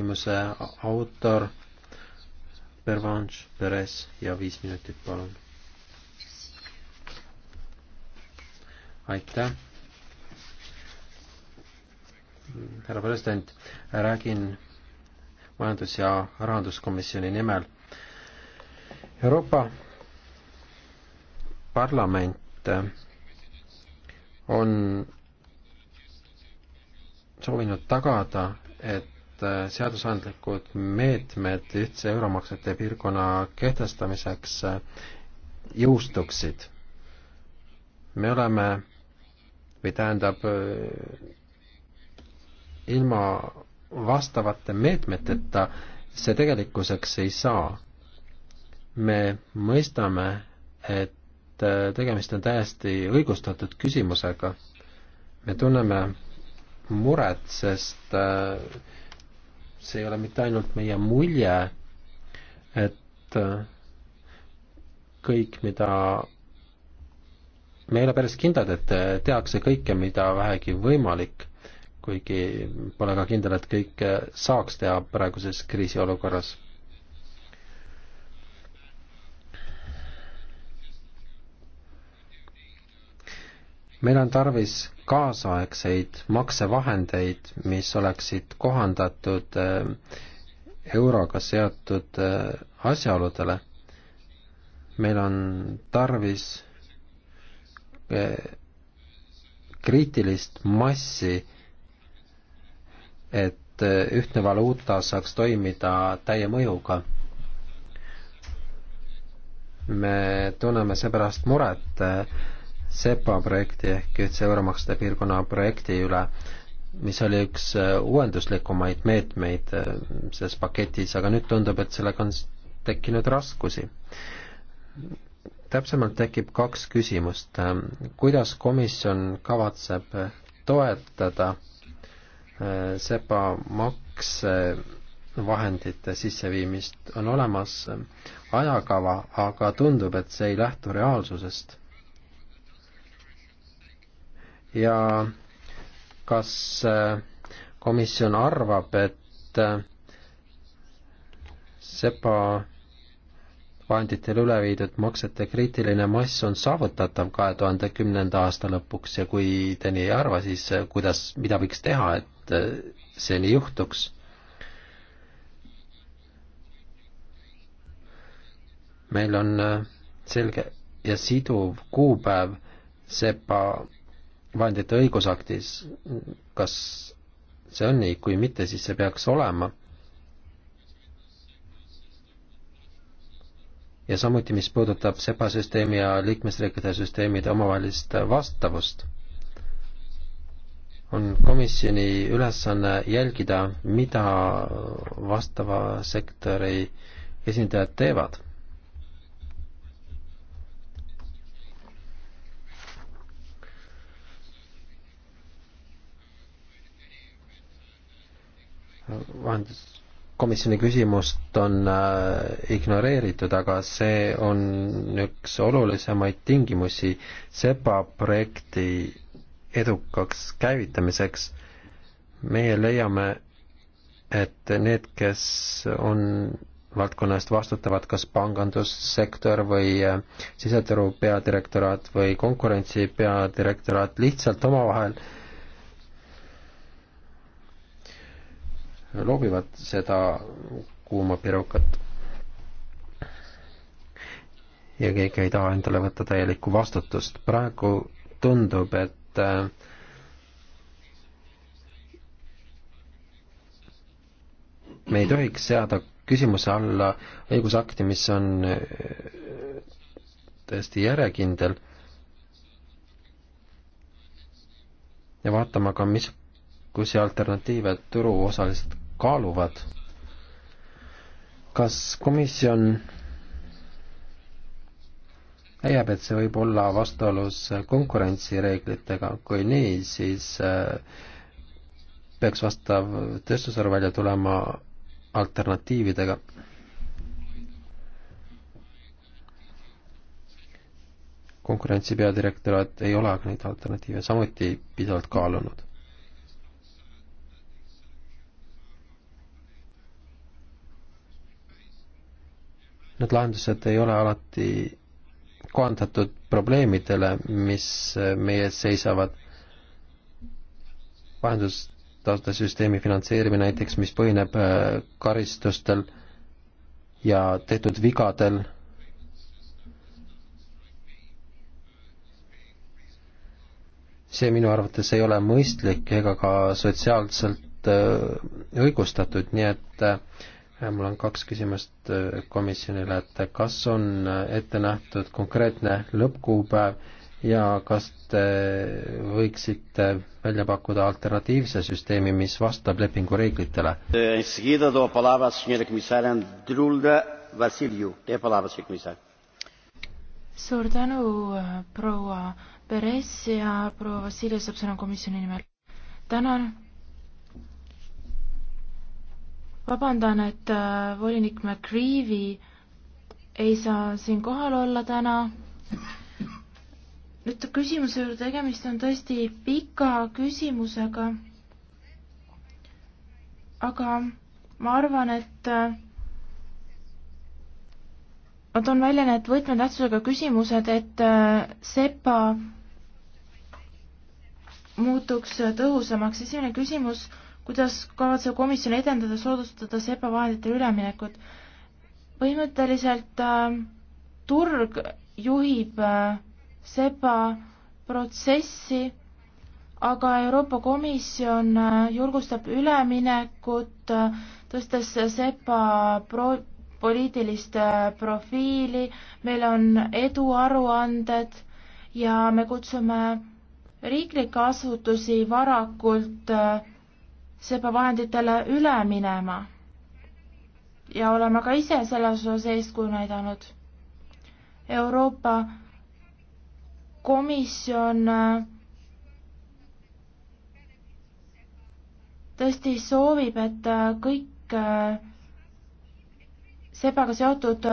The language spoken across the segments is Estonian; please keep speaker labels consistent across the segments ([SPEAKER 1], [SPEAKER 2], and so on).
[SPEAKER 1] küsimuse autor Pervanš Peres ja viis minutit, palun. aitäh. härra president, räägin majandus- ja rahanduskomisjoni nimel. Euroopa Parlament on soovinud tagada, et et äh, seadusandlikud meetmed ühtse euromaksete piirkonna kehtestamiseks äh, jõustuksid. me oleme või tähendab, äh, ilma vastavate meetmeteta see tegelikkuseks ei saa. me mõistame, et tegemist on täiesti õigustatud küsimusega. me tunneme muret, sest see ei ole mitte ainult meie mulje, et äh, kõik, mida me ei ole päris kindlad, et äh, tehakse kõike, mida vähegi võimalik, kuigi pole ka kindel, et kõike äh, saaks teha praeguses kriisiolukorras. meil on tarvis kaasaegseid maksevahendeid, mis oleksid kohandatud äh, euroga seotud äh, asjaoludele. meil on tarvis äh, kriitilist massi, et ühtne valuuta saaks toimida täie mõjuga me tunneme seepärast muret SEPA projekti ehk ühtse euromaksude piirkonna projekti üle, mis oli üks äh, uuenduslikumaid meetmeid äh, selles paketis, aga nüüd tundub, et sellega on tekkinud raskusi. täpsemalt tekib kaks küsimust. Äh, kuidas komisjon kavatseb toetada SEPA makse vahendite sisseviimist on olemas ajakava, aga tundub, et see ei lähtu reaalsusest ja kas äh, komisjon arvab, et äh, SEPA vahenditele üle viidud maksete kriitiline mass on saavutatav kahe tuhande kümnenda aasta lõpuks ja kui te nii ei arva, siis äh, kuidas, mida võiks teha, et see nii juhtuks? meil on selge ja siduv kuupäev SEPA vahendite õigusaktis, kas see on nii, kui mitte, siis see peaks olema. ja samuti, mis puudutab SEPA süsteemi ja liikmesriikide süsteemide omavahelist vastavust, on komisjoni ülesanne jälgida, mida vastava sektori esindajad teevad vahenduskomisjoni küsimust on äh, ignoreeritud, aga see on üks olulisemaid tingimusi SEPA projekti edukaks käivitamiseks. meie leiame, et need, kes on valdkonna eest vastutavad kas pangandussektor või äh, siseturu peadirektoraat või konkurentsi peadirektoraat lihtsalt omavahel äh, loobivad seda kuuma pirukat. ja keegi ei taha endale võtta täielikku vastutust. praegu tundub, et äh, me ei tohiks seada küsimuse alla õigusakti, mis on äh, täiesti järjekindel ja vaatama ka, missuguseid alternatiive turuosalised kaaluvad, kas komisjon leiab, et see võib olla vastuolus konkurentsireeglitega, kui nii, siis äh, peaks vastav tööstusharu välja tulema alternatiividega. konkurentsi peadirektorat ei ole aga neid alternatiive samuti pidevalt kaalunud. Need lahendused ei ole alati kohandatud probleemidele, mis meie ees seisavad. vahendustasude süsteemi finantseerimine näiteks, mis põhineb äh, karistustel ja tehtud vigadel see minu arvates ei ole mõistlik ega ka sotsiaalselt äh, õigustatud, nii et äh, Äh, mul on kaks küsimust äh, komisjonile, et kas on äh, ette nähtud konkreetne lõppkuupäev ja kas te võiksite välja pakkuda alternatiivse süsteemi, mis vastab lepingu reeglitele?
[SPEAKER 2] suur tänu, proua Peres ja proua Vassiljev saab sõna komisjoni nimel. tänan vabandan, et äh, volinik McCreevy ei saa siin kohal olla täna. nüüd küsimuse juurde, tegemist on tõesti pika küsimusega. aga ma arvan, et äh, ma toon välja need võtmetähtsusega küsimused, et äh, sepa muutuks tõhusamaks. esimene küsimus kuidas kavatseb komisjon edendada, soodustada SEPA vahendite üleminekut? põhimõtteliselt äh, turg juhib äh, SEPA protsessi, aga Euroopa Komisjon äh, julgustab üleminekut äh,, tõstes SEPA pro-, poliitilist äh, profiili, meil on eduaruanded ja me kutsume riiklikke asutusi varakult äh, seebevahenditele üle minema. ja oleme ka ise selles osas eeskuju näidanud. Euroopa Komisjon äh, tõesti soovib, et äh, kõik äh, sepaga seotud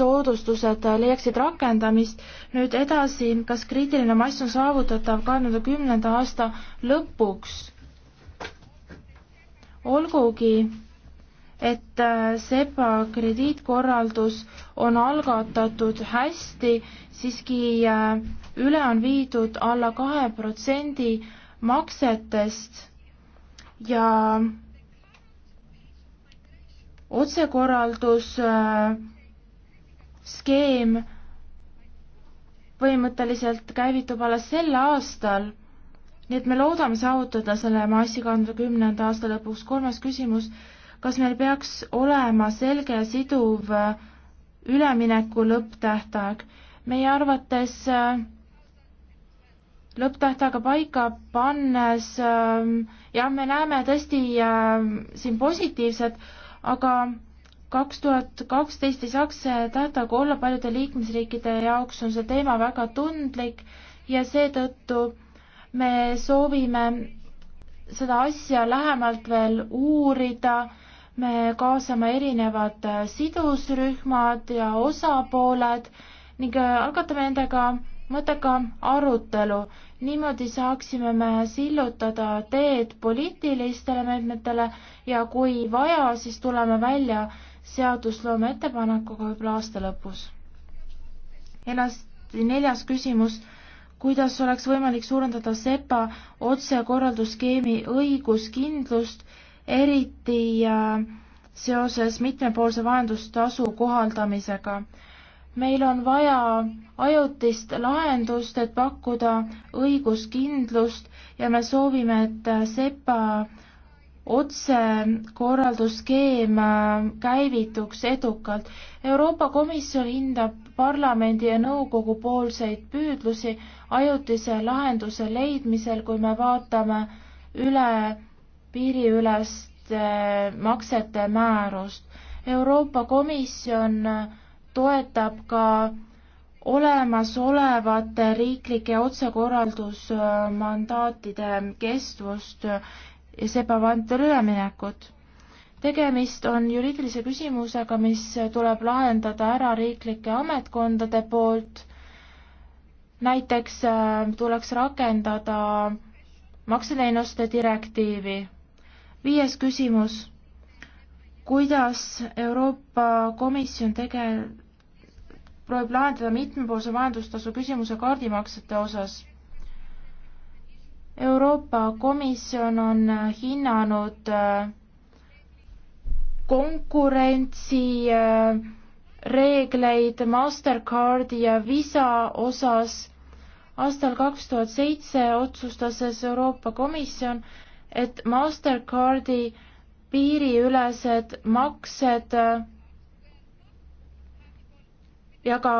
[SPEAKER 2] soodustused leiaksid rakendamist. nüüd edasi, kas kriitiline mass on saavutatav kahe tuhande kümnenda aasta lõpuks? olgugi, et äh, SEPA krediitkorraldus on algatatud hästi, siiski äh, üle on viidud alla kahe protsendi maksetest ja otsekorraldus äh, skeem põhimõtteliselt käivitub alles sel aastal, nii et me loodame saavutada selle massi kandva kümnenda aasta lõpuks. kolmas küsimus, kas meil peaks olema selge ja siduv äh, ülemineku lõpptähtaeg? meie arvates äh, lõpptähtaega paika pannes äh, jah, me näeme tõesti siin positiivset, aga kaks tuhat kaksteist ei saaks see tähtaeg olla, paljude liikmesriikide jaoks on see teema väga tundlik ja seetõttu me soovime seda asja lähemalt veel uurida, me kaasame erinevad sidusrühmad ja osapooled ning algatame nendega mõttega arutelu. niimoodi saaksime me sillutada teed poliitilistele meetmetele ja kui vaja, siis tuleme välja seadusloome ettepanekuga võib-olla aasta lõpus. edasi neljas küsimus, kuidas oleks võimalik suurendada SEPA otsekorraldusskeemi õiguskindlust, eriti äh, seoses mitmepoolse vahendustasu kohaldamisega. meil on vaja ajutist lahendust, et pakkuda õiguskindlust ja me soovime, et äh, SEPA otsekorraldusskeem käivituks edukalt. Euroopa Komisjon hindab parlamendi ja nõukogu poolseid püüdlusi ajutise lahenduse leidmisel, kui me vaatame üle piiriüleste maksete määrust. Euroopa Komisjon toetab ka olemasolevate riiklike otsekorraldusmandaatide kestvust ja sebavantel üleminekut. tegemist on juriidilise küsimusega, mis tuleb lahendada ära riiklike ametkondade poolt. näiteks äh, tuleks rakendada makseleinuste direktiivi. viies küsimus. kuidas Euroopa Komisjon tege-, proovib lahendada mitmepoolse majandustasu küsimuse kaardimaksete osas? Euroopa Komisjon on hinnanud äh, konkurentsi äh, reegleid Mastercardi ja Visa osas. aastal kaks tuhat seitse otsustas siis Euroopa Komisjon, et Mastercardi piiriülesed maksed äh, ja ka,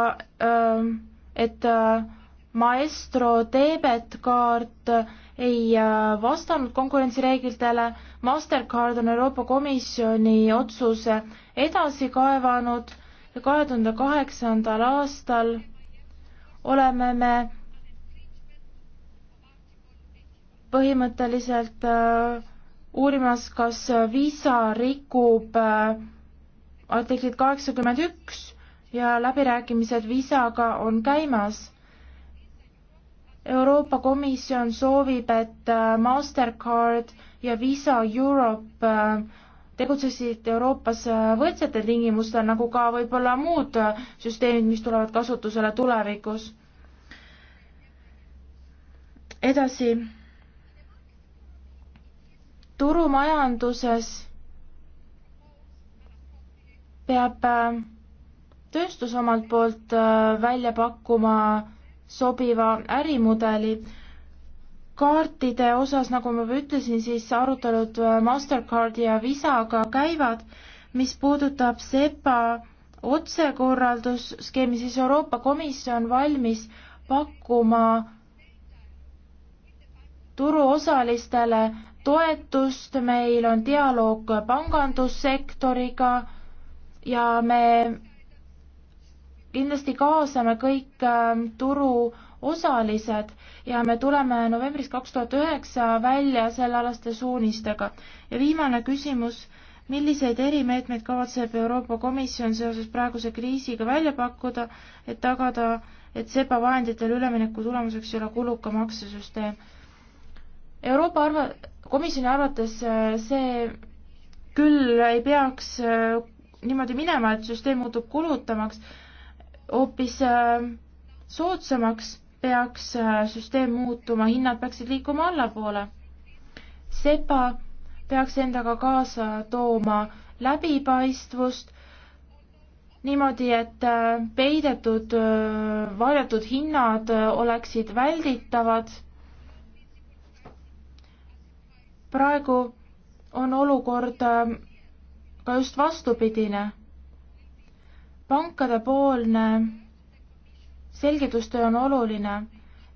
[SPEAKER 2] et äh, maestro debetkaart ei äh, vastanud konkurentsireeglitele, Mastercard on Euroopa Komisjoni otsuse edasi kaevanud ja kahe tuhande kaheksandal aastal oleme me põhimõtteliselt äh, uurimas, kas Visa rikub äh, artiklit kaheksakümmend üks ja läbirääkimised Visaga on käimas Euroopa Komisjon soovib, et äh, Mastercard ja Visa Europe äh, tegutsesid Euroopas äh, võrdsetel tingimustel, nagu ka võib-olla muud süsteemid, mis tulevad kasutusele tulevikus. edasi. turumajanduses peab tööstus omalt poolt välja pakkuma sobiva ärimudeli. kaartide osas, nagu ma juba ütlesin, siis arutelud äh, Mastercardi ja Visaga käivad, mis puudutab SEPA otsekorraldusskeemi, siis Euroopa Komisjon valmis pakkuma turuosalistele toetust, meil on dialoog pangandussektoriga ja me kindlasti kaasame kõik ähm, turu osalised ja me tuleme novembris kaks tuhat üheksa välja sellealaste suunistega. ja viimane küsimus, milliseid erimeetmeid kavatseb Euroopa Komisjon seoses praeguse kriisiga välja pakkuda, et tagada, et SEPA vahenditele ülemineku tulemuseks ei ole kuluka maksesüsteem? Euroopa arva-, komisjoni arvates äh, see küll ei peaks äh, niimoodi minema, et süsteem muutub kulutamaks, hoopis äh, soodsamaks peaks äh, süsteem muutuma, hinnad peaksid liikuma allapoole. SEPA peaks endaga kaasa tooma läbipaistvust niimoodi, et äh, peidetud, varjatud hinnad oleksid välditavad. praegu on olukord ka just vastupidine pankadepoolne selgitustöö on oluline.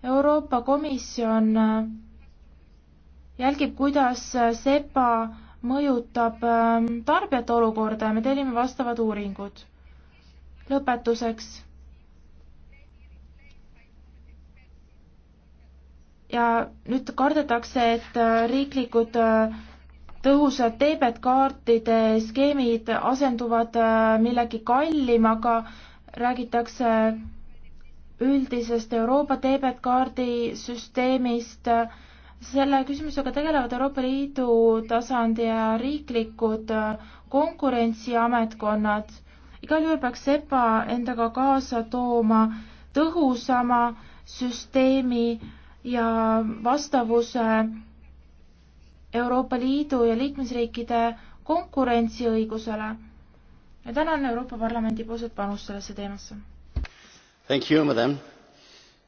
[SPEAKER 2] Euroopa Komisjon äh, jälgib, kuidas äh, SEPA mõjutab ähm, tarbijate olukorda ja me tellime vastavad uuringud. lõpetuseks. ja nüüd kardetakse, et äh, riiklikud tõhusad teebetkaartide skeemid asenduvad äh, millegi kallimaga, räägitakse üldisest Euroopa teebetkaardi süsteemist. selle küsimusega tegelevad Euroopa Liidu tasandi ja riiklikud äh, konkurentsiametkonnad. igal juhul peaks EPA endaga kaasa tooma tõhusama süsteemi ja vastavuse Euroopa Liidu ja liikmesriikide konkurentsiõigusele. ja tänan Euroopa Parlamendi poolset panust sellesse teemasse.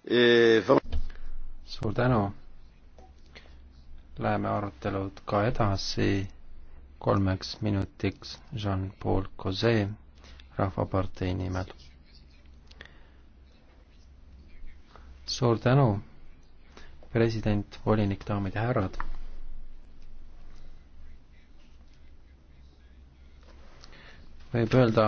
[SPEAKER 1] Eh, suur tänu. Läheme arutelud ka edasi kolmeks minutiks Jean-Paul Cosé Rahvapartei nimel. suur tänu, president, volinik, daamid ja härrad võib öelda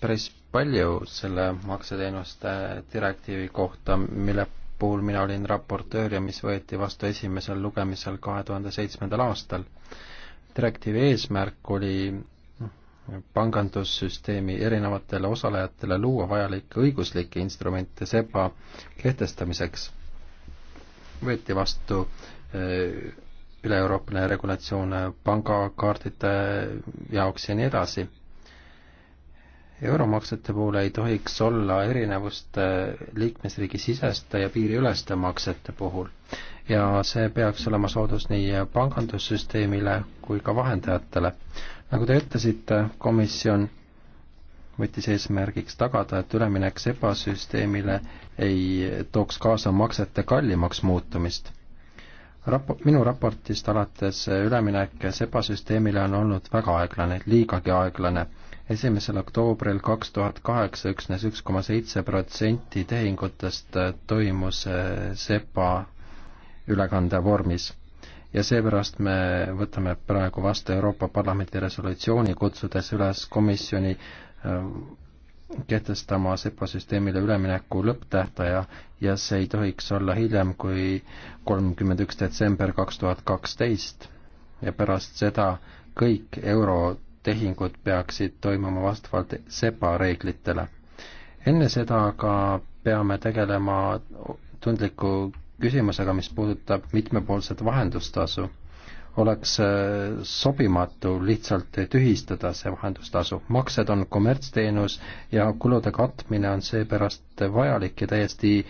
[SPEAKER 1] päris palju selle makseteenuste direktiivi kohta, mille puhul mina olin raportöör ja mis võeti vastu esimesel lugemisel kahe tuhande seitsmendal aastal. direktiivi eesmärk oli pangandussüsteemi erinevatele osalejatele luua vajalikke õiguslikke instrumente SEPA kehtestamiseks. võeti vastu eh, üle-Euroopaline regulatsioon pangakaardide jaoks ja nii edasi euromaksete puhul ei tohiks olla erinevust äh, liikmesriigi siseste ja piiriüleste maksete puhul ja see peaks olema soodus nii pangandussüsteemile kui ka vahendajatele. nagu te ütlesite, komisjon võttis eesmärgiks tagada, et üleminek SEPA süsteemile ei tooks kaasa maksete kallimaks muutumist. Rapo-, minu raportist alates üleminek SEPA süsteemile on olnud väga aeglane, liigagi aeglane esimesel oktoobril kaks tuhat kaheksa üksnes üks koma seitse protsenti tehingutest äh, toimus äh, SEPA ülekande vormis. ja seepärast me võtame praegu vastu Euroopa Parlamendi resolutsiooni, kutsudes üles komisjoni äh, kehtestama SEPA süsteemile ülemineku lõpptähtaja ja see ei tohiks olla hiljem kui kolmkümmend üks detsember kaks tuhat kaksteist ja pärast seda kõik euro tehingud peaksid toimuma vastavalt SEPA reeglitele. enne seda aga peame tegelema tundliku küsimusega, mis puudutab mitmepoolset vahendustasu. oleks äh, sobimatu lihtsalt tühistada see vahendustasu. maksed on kommertsteenus ja kulude katmine on seepärast vajalik ja täiesti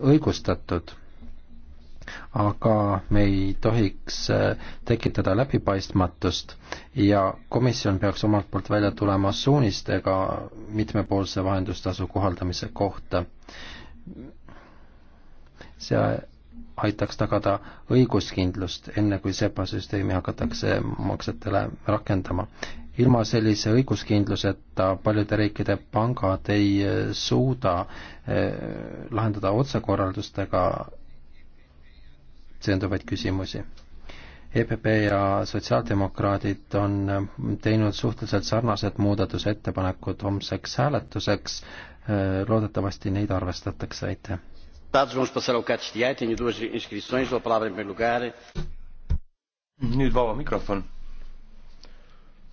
[SPEAKER 1] õigustatud aga me ei tohiks äh, tekitada läbipaistmatust ja komisjon peaks omalt poolt välja tulema suunistega mitmepoolse vahendustasu kohaldamise kohta. see aitaks tagada õiguskindlust, enne kui SEPA süsteemi hakatakse maksetele rakendama. ilma sellise õiguskindluseta paljude riikide pangad ei äh, suuda äh, lahendada otsekorraldustega seonduvaid küsimusi. EPP ja sotsiaaldemokraadid on äh, teinud suhteliselt sarnased muudatusettepanekud homseks hääletuseks, äh, loodetavasti neid arvestatakse, aitäh. E
[SPEAKER 3] nüüd vaba mikrofon.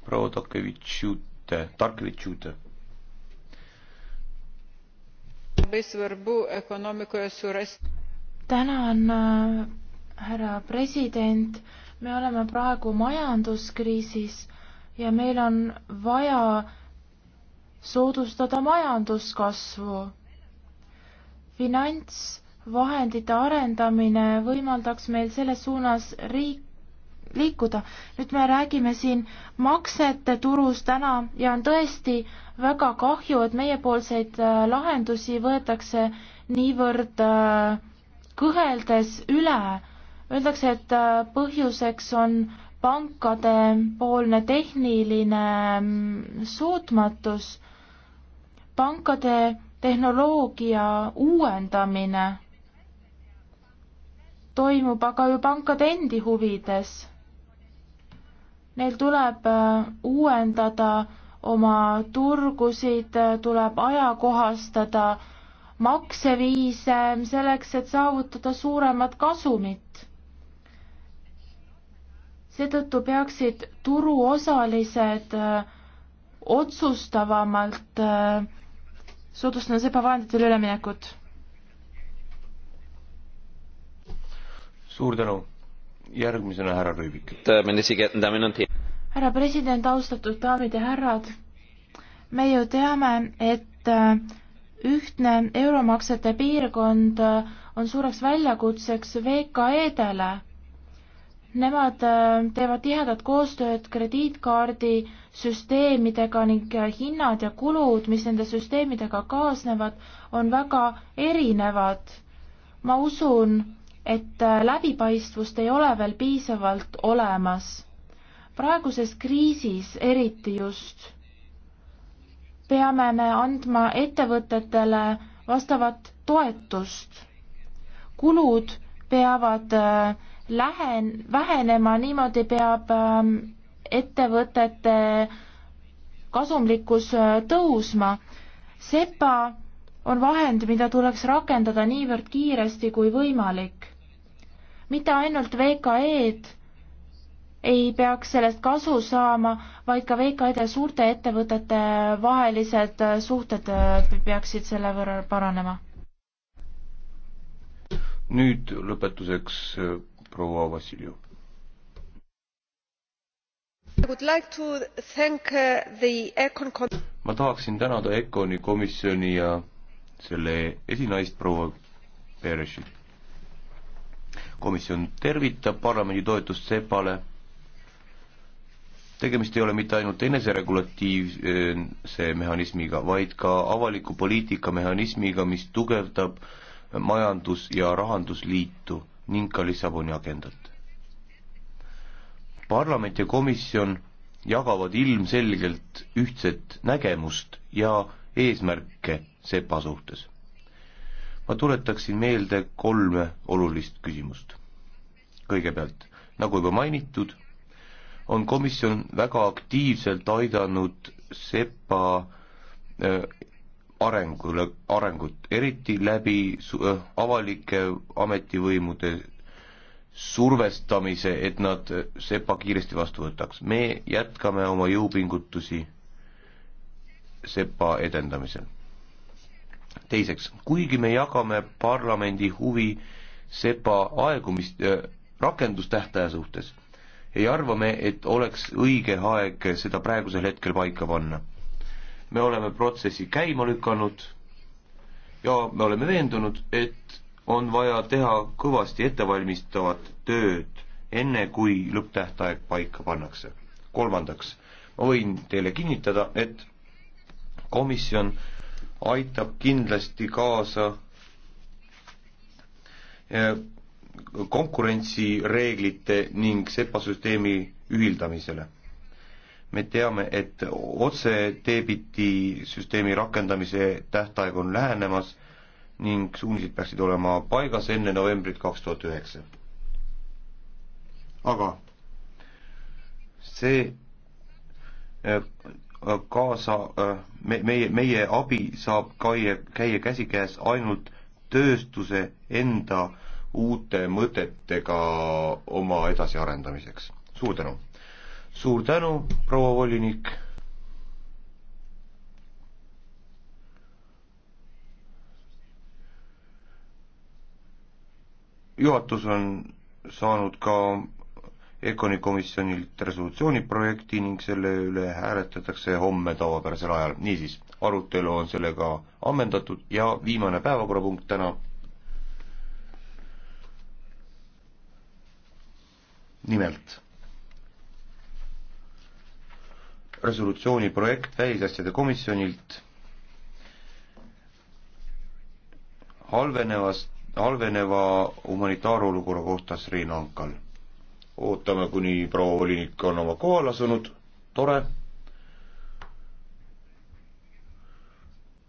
[SPEAKER 3] proua Tokevitš Jute, Tarkevitš Jute labai svarbu ekonomikoje
[SPEAKER 2] surasti. tänan äh, härra president, me oleme praegu majanduskriisis ja meil on vaja soodustada majanduskasvu. finantsvahendite arendamine võimaldaks meil selles suunas riik, liikuda. nüüd me räägime siin maksete turust täna ja on tõesti väga kahju, et meiepoolseid äh, lahendusi võetakse niivõrd äh, kõheldes üle Öeldakse, et äh, põhjuseks on pankade poolne tehniline mm, suutmatus, pankade tehnoloogia uuendamine toimub aga ju pankade endi huvides. Neil tuleb äh, uuendada oma turgusid, tuleb ajakohastada makseviise selleks, et saavutada suuremat kasumit seetõttu peaksid turuosalised äh, otsustavamalt äh, soodustama sepavahenditele üleminekut.
[SPEAKER 3] suur tänu, järgmisena härra Rüübik.
[SPEAKER 2] härra president, austatud daamid ja härrad, me ju teame, et äh, ühtne euromaksete piirkond on suureks väljakutseks VKE-dele Nemad äh, teevad tihedat koostööd krediitkaardisüsteemidega ning äh, hinnad ja kulud, mis nende süsteemidega kaasnevad, on väga erinevad. ma usun, et äh, läbipaistvust ei ole veel piisavalt olemas. praeguses kriisis eriti just peame me andma ettevõtetele vastavat toetust. kulud peavad äh, lähen, vähenema, niimoodi peab ähm, ettevõtete kasumlikkus äh, tõusma. sepa on vahend, mida tuleks rakendada niivõrd kiiresti kui võimalik. mitte ainult VKE-d ei peaks sellest kasu saama, vaid ka VKE-de ja suurte ettevõtete vahelised äh, suhted äh, peaksid selle võrra paranema.
[SPEAKER 3] nüüd lõpetuseks proua Vassiljev. Uh, ma tahaksin tänada ECONi komisjoni ja selle esinaist proua Perešit. komisjon tervitab parlamendi toetust SEPA-le tegemist ei ole mitte ainult eneseregulatiivse mehhanismiga, vaid ka avaliku poliitika mehhanismiga, mis tugevdab majandus- ja rahandusliitu ning ka Lissaboni agendat. parlament ja komisjon jagavad ilmselgelt ühtset nägemust ja eesmärke sepa suhtes. ma tuletaksin meelde kolme olulist küsimust. kõigepealt, nagu juba mainitud, on komisjon väga aktiivselt aidanud sepa äh, arengule, arengut, eriti läbi avalike ametivõimude survestamise, et nad sepa kiiresti vastu võtaks. me jätkame oma jõupingutusi sepa edendamisel. teiseks, kuigi me jagame parlamendi huvi sepa aegumist äh,, rakendustähtaja suhtes, ei arva me, et oleks õige aeg seda praegusel hetkel paika panna me oleme protsessi käima lükanud ja me oleme veendunud, et on vaja teha kõvasti ettevalmistavat tööd, enne kui lõpptähtaeg paika pannakse. kolmandaks, ma võin teile kinnitada, et komisjon aitab kindlasti kaasa eh, konkurentsireeglite ning SEPA süsteemi ühildamisele me teame, et otse debiti süsteemi rakendamise tähtaeg on lähenemas ning suunised peaksid olema paigas enne novembrit kaks tuhat üheksa. aga see äh, kaasa, äh, me, meie, meie abi saab käia, käia käsikäes ainult tööstuse enda uute mõtetega oma edasiarendamiseks. suur tänu! suur tänu, proua volinik. juhatus on saanud ka EKONi komisjonilt resolutsiooni projekti ning selle üle hääletatakse homme tavapärasel ajal. niisiis, arutelu on sellega ammendatud ja viimane päevakorrapunkt täna. nimelt resolutsiooni projekt välisasjade komisjonilt halvenevast, halveneva humanitaarolukorra kohta Sri Lankal. ootame, kuni proua volinik on oma kohale asunud, tore.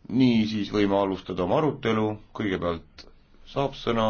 [SPEAKER 3] niisiis võime alustada oma arutelu, kõigepealt saab sõna